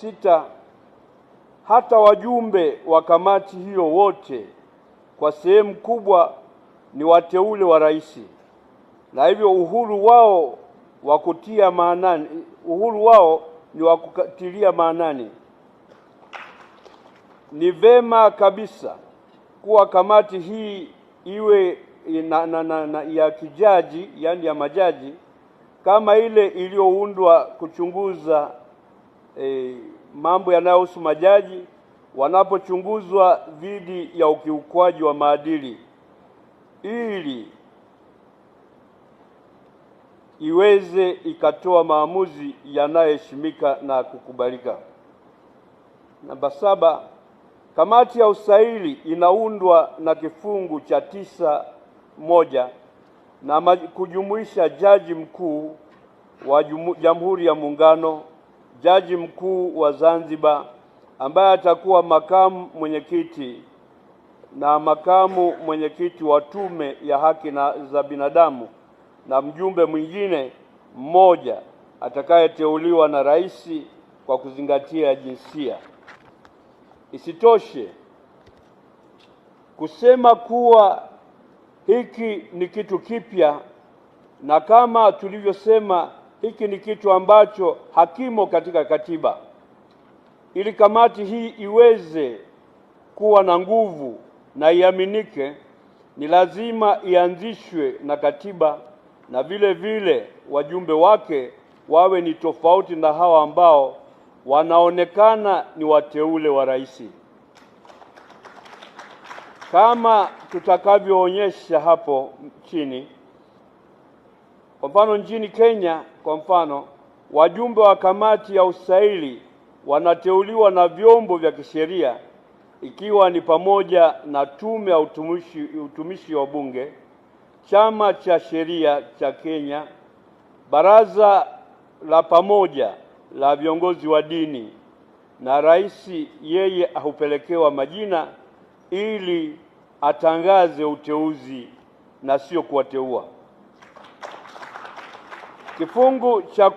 sita hata wajumbe wa kamati hiyo wote kwa sehemu kubwa ni wateule wa rais, na hivyo uhuru wao wa kutia maanani, uhuru wao ni wa kutilia maanani. Ni vema kabisa kuwa kamati hii iwe na, na, na, na, ya kijaji, yaani ya majaji kama ile iliyoundwa kuchunguza e, mambo yanayohusu majaji wanapochunguzwa dhidi ya ukiukwaji wa maadili ili iweze ikatoa maamuzi yanayoheshimika na kukubalika. Namba saba, kamati ya usaili inaundwa na kifungu cha tisa moja na kujumuisha jaji mkuu wa Jamhuri ya Muungano jaji mkuu wa Zanzibar ambaye atakuwa makamu mwenyekiti na makamu mwenyekiti wa Tume ya Haki na za Binadamu na mjumbe mwingine mmoja atakayeteuliwa na rais kwa kuzingatia jinsia. Isitoshe, kusema kuwa hiki ni kitu kipya na kama tulivyosema hiki ni kitu ambacho hakimo katika katiba. Ili kamati hii iweze kuwa na nguvu na iaminike, ni lazima ianzishwe na katiba, na vile vile wajumbe wake wawe ni tofauti na hawa ambao wanaonekana ni wateule wa rais, kama tutakavyoonyesha hapo chini. Kwa mfano nchini Kenya, kwa mfano wajumbe wa kamati ya usaili wanateuliwa na vyombo vya kisheria ikiwa ni pamoja na tume ya utumishi, utumishi wa bunge, chama cha sheria cha Kenya, baraza la pamoja la viongozi wa dini, na rais yeye hupelekewa majina ili atangaze uteuzi na sio kuwateua. Kifungu cha